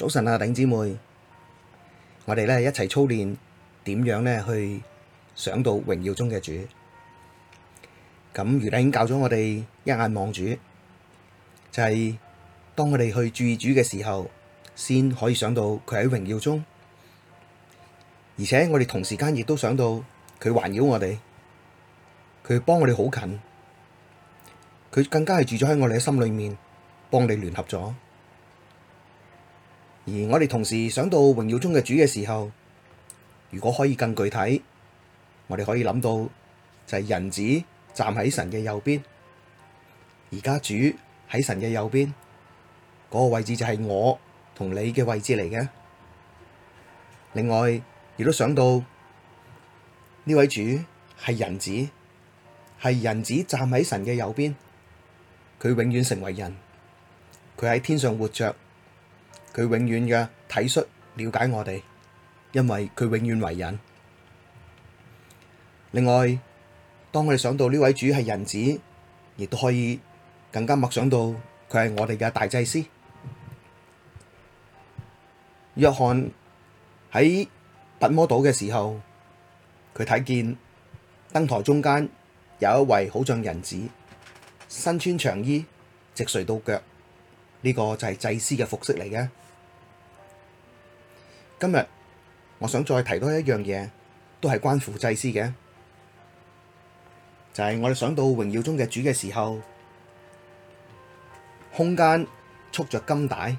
早晨啊，頂姐妹，我哋咧一齊操練點樣咧去想到榮耀中嘅主。咁余弟已經教咗我哋一眼望主，就係、是、當我哋去注意主嘅時候，先可以想到佢喺榮耀中，而且我哋同時間亦都想到佢環繞我哋，佢幫我哋好近，佢更加係住咗喺我哋嘅心裏面，幫你聯合咗。而我哋同時想到榮耀中嘅主嘅時候，如果可以更具體，我哋可以諗到就係人子站喺神嘅右邊，而家主喺神嘅右邊，嗰個位置就係我同你嘅位置嚟嘅。另外，亦都想到呢位主係人子，係人子站喺神嘅右邊，佢永遠成為人，佢喺天上活着。佢永遠嘅體恤了解我哋，因為佢永遠為人。另外，當我哋想到呢位主係人子，亦都可以更加默想到佢係我哋嘅大祭司。約翰喺拔摩島嘅時候，佢睇見燈臺中間有一位好像人子，身穿長衣，直垂到腳，呢、這個就係祭司嘅服飾嚟嘅。今日我想再提多一樣嘢，都係關乎祭司嘅，就係、是、我哋想到榮耀中嘅主嘅時候，空間束着金帶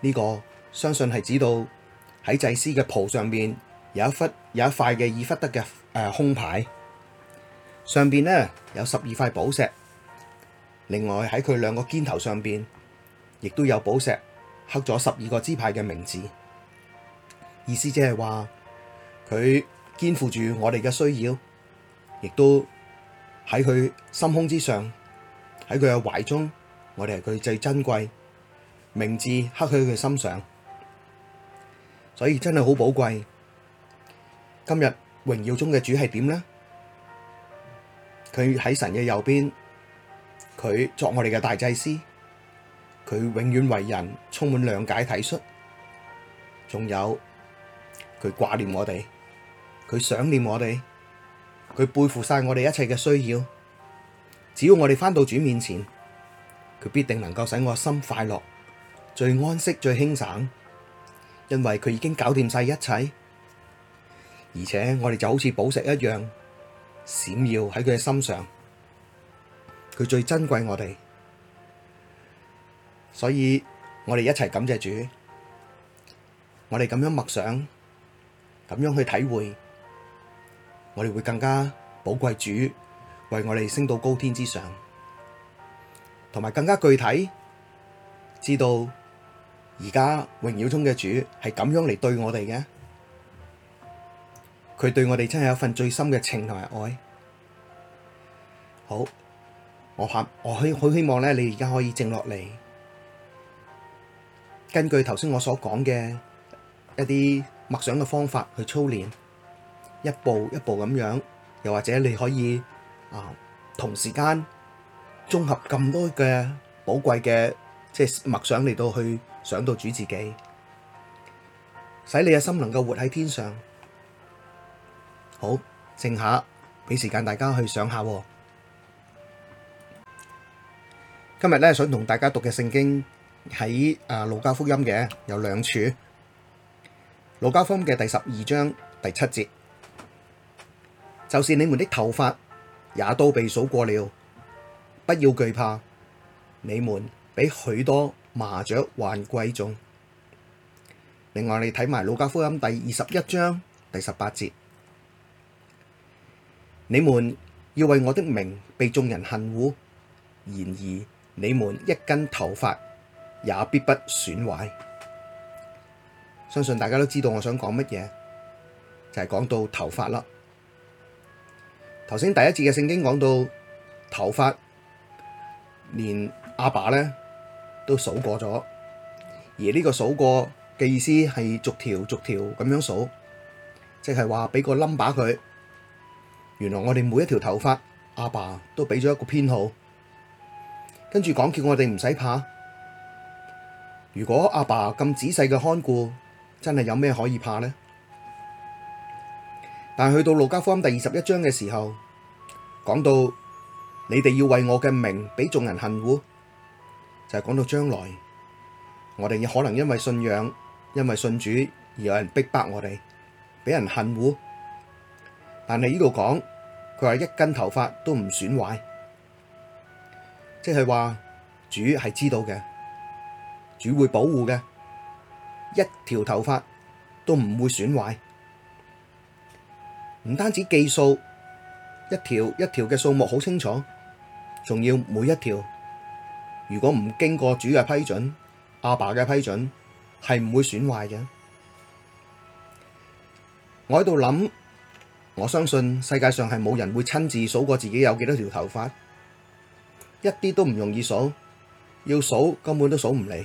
呢、這個，相信係指到喺祭司嘅袍上面有一忽有一塊嘅以弗得嘅誒胸牌，上邊呢有十二塊寶石，另外喺佢兩個肩頭上邊亦都有寶石刻咗十二個支派嘅名字。意思即係話佢肩負住我哋嘅需要，亦都喺佢心胸之上，喺佢嘅懷中，我哋係佢最珍貴，名字刻喺佢嘅心上，所以真係好寶貴。今日榮耀中嘅主係點呢？佢喺神嘅右邊，佢作我哋嘅大祭司，佢永遠為人充滿諒解體恤，仲有。佢掛念我哋，佢想念我哋，佢背負晒我哋一切嘅需要。只要我哋翻到主面前，佢必定能夠使我心快樂、最安息、最輕省。因為佢已經搞掂晒一切，而且我哋就好似寶石一樣閃耀喺佢嘅心上。佢最珍貴我哋，所以我哋一齊感謝主。我哋咁樣默想。咁樣去體會，我哋會更加寶貴主為我哋升到高天之上，同埋更加具體知道而家榮耀中嘅主係咁樣嚟對我哋嘅，佢對我哋真係有份最深嘅情同埋愛。好，我盼我希好希望咧，你而家可以靜落嚟，根據頭先我所講嘅一啲。默想嘅方法去操練，一步一步咁樣，又或者你可以啊同時間綜合咁多嘅寶貴嘅即係默想嚟，到去想到主自己，使你嘅心能夠活喺天上。好，靜下，俾時間大家去想下。今日咧，想同大家讀嘅聖經喺啊路加福音嘅有兩處。《路加福音》嘅第十二章第七節，就是你們的頭髮也都被數過了，不要懼怕，你們比許多麻雀還貴重。另外，你睇埋《路加福音》第二十一章第十八節，你們要為我的名被眾人恨惡，然而你們一根頭髮也必不損壞。相信大家都知道我想講乜嘢？就係講到頭髮啦。頭先第一節嘅聖經講到頭髮，連阿爸咧都數過咗，而呢個數過嘅意思係逐條逐條咁樣數，即係話俾個冧把佢。原來我哋每一條頭髮，阿爸都俾咗一個編號，跟住講叫我哋唔使怕。如果阿爸咁仔細嘅看顧。真係有咩可以怕呢？但係去到路加福音第二十一章嘅時候，講到你哋要為我嘅名俾眾人恨惡，就係講到將來我哋可能因為信仰、因為信主而有人逼迫我哋，俾人恨惡。但係呢度講，佢話一根頭髮都唔損壞，即係話主係知道嘅，主會保護嘅。一條頭髮都唔會損壞，唔單止計數，一條一條嘅數目好清楚，仲要每一條，如果唔經過主嘅批准，阿爸嘅批准，係唔會損壞嘅。我喺度諗，我相信世界上係冇人會親自數過自己有幾多條頭髮，一啲都唔容易數，要數根本都數唔嚟。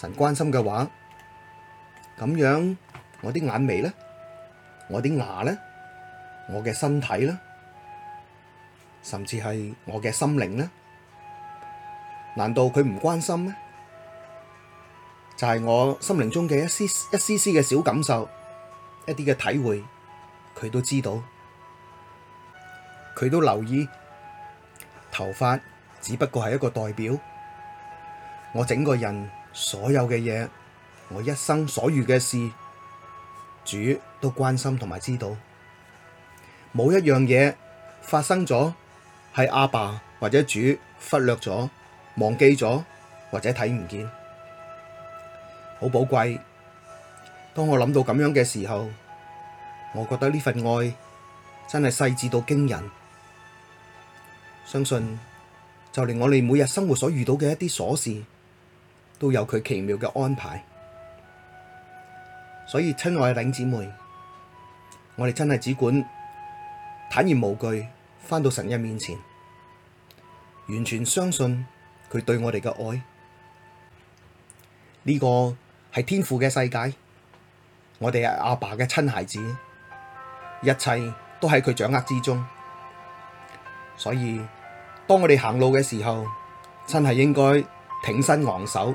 神關心嘅話，咁樣我啲眼眉咧，我啲牙咧，我嘅身體咧，甚至係我嘅心靈咧，難道佢唔關心咩？就係我心靈中嘅一絲一絲絲嘅小感受，一啲嘅體會，佢都知道，佢都留意。頭髮只不過係一個代表，我整個人。所有嘅嘢，我一生所遇嘅事，主都關心同埋知道，冇一樣嘢發生咗係阿爸或者主忽略咗、忘記咗或者睇唔見，好寶貴。當我諗到咁樣嘅時候，我覺得呢份愛真係細緻到驚人。相信就連我哋每日生活所遇到嘅一啲瑣事。都有佢奇妙嘅安排，所以親愛嘅弟兄姊妹，我哋真係只管坦然無懼，翻到神嘅面前，完全相信佢對我哋嘅愛。呢個係天父嘅世界，我哋係阿爸嘅親孩子，一切都喺佢掌握之中。所以當我哋行路嘅時候，真係應該挺身昂首。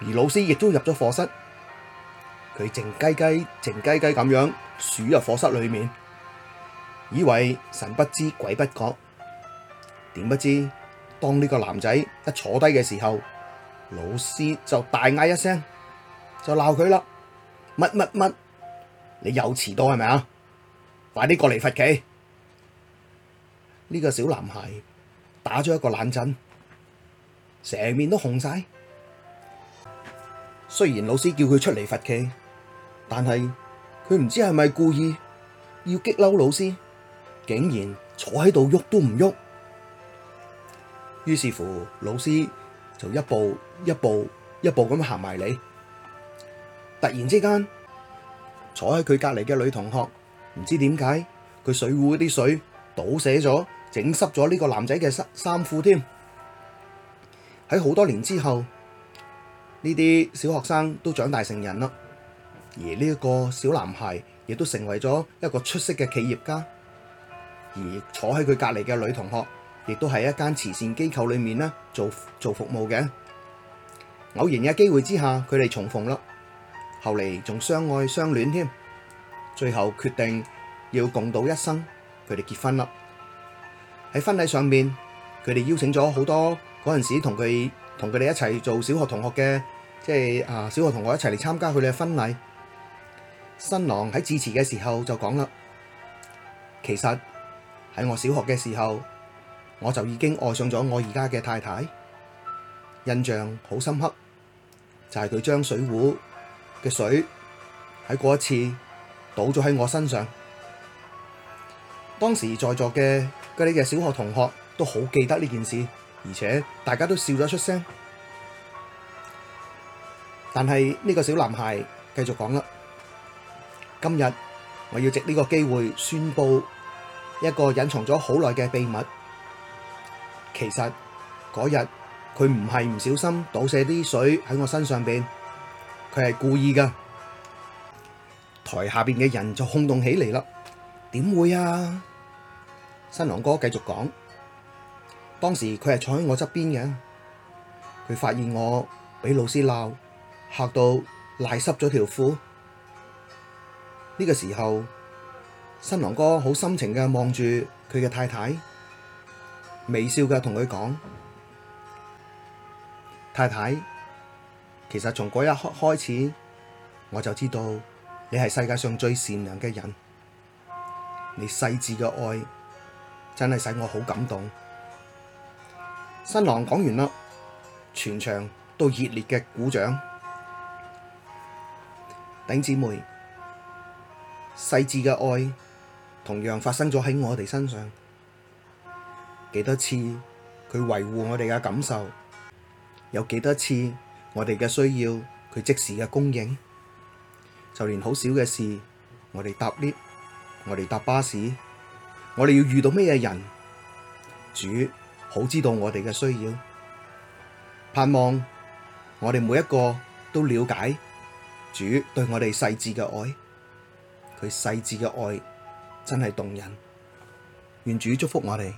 而老師亦都入咗課室，佢靜雞雞、靜雞雞咁樣鼠入課室裏面，以為神不知鬼不覺。點不知當呢個男仔一坐低嘅時候，老師就大嗌一聲，就鬧佢啦！乜乜乜，你又遲到係咪啊？快啲過嚟罰企！呢個小男孩打咗一個冷震，成面都紅晒。雖然老師叫佢出嚟罰企，但係佢唔知係咪故意要激嬲老師，竟然坐喺度喐都唔喐。於是乎，老師就一步一步一步咁行埋嚟。突然之間，坐喺佢隔籬嘅女同學唔知點解，佢水壺啲水倒瀉咗，整濕咗呢個男仔嘅衫衫褲添。喺好多年之後。呢啲小學生都長大成人啦，而呢一個小男孩亦都成為咗一個出色嘅企業家，而坐喺佢隔籬嘅女同學亦都喺一間慈善機構裏面咧做做服務嘅。偶然嘅機會之下，佢哋重逢啦，後嚟仲相愛相戀添，最後決定要共度一生，佢哋結婚啦。喺婚禮上面，佢哋邀請咗好多嗰陣時同佢同佢哋一齊做小學同學嘅。即係啊，小學同學一齊嚟參加佢哋嘅婚禮。新郎喺致辭嘅時候就講啦，其實喺我小學嘅時候，我就已經愛上咗我而家嘅太太，印象好深刻。就係佢將水壺嘅水喺嗰一次倒咗喺我身上。當時在座嘅嗰啲嘅小學同學都好記得呢件事，而且大家都笑咗出聲。但係呢個小男孩繼續講啦，今日我要藉呢個機會宣布一個隱藏咗好耐嘅秘密。其實嗰日佢唔係唔小心倒瀉啲水喺我身上邊，佢係故意噶台下邊嘅人就轟動起嚟啦。點會啊？新郎哥繼續講，當時佢係坐喺我側邊嘅，佢發現我俾老師鬧，嚇到瀨濕咗條褲，呢、這個時候新郎哥好深情嘅望住佢嘅太太，微笑嘅同佢講：太太，其實從嗰日開始，我就知道你係世界上最善良嘅人，你細緻嘅愛真係使我好感動。新郎講完啦，全場都熱烈嘅鼓掌。頂姊妹，細致嘅愛同樣發生咗喺我哋身上，幾多次佢維護我哋嘅感受，有幾多次我哋嘅需要佢即時嘅供應，就連好少嘅事，我哋搭 lift，我哋搭巴士，我哋要遇到咩人，主好知道我哋嘅需要，盼望我哋每一個都了解。主對我哋細致嘅愛，佢細致嘅愛真係動人，願主祝福我哋。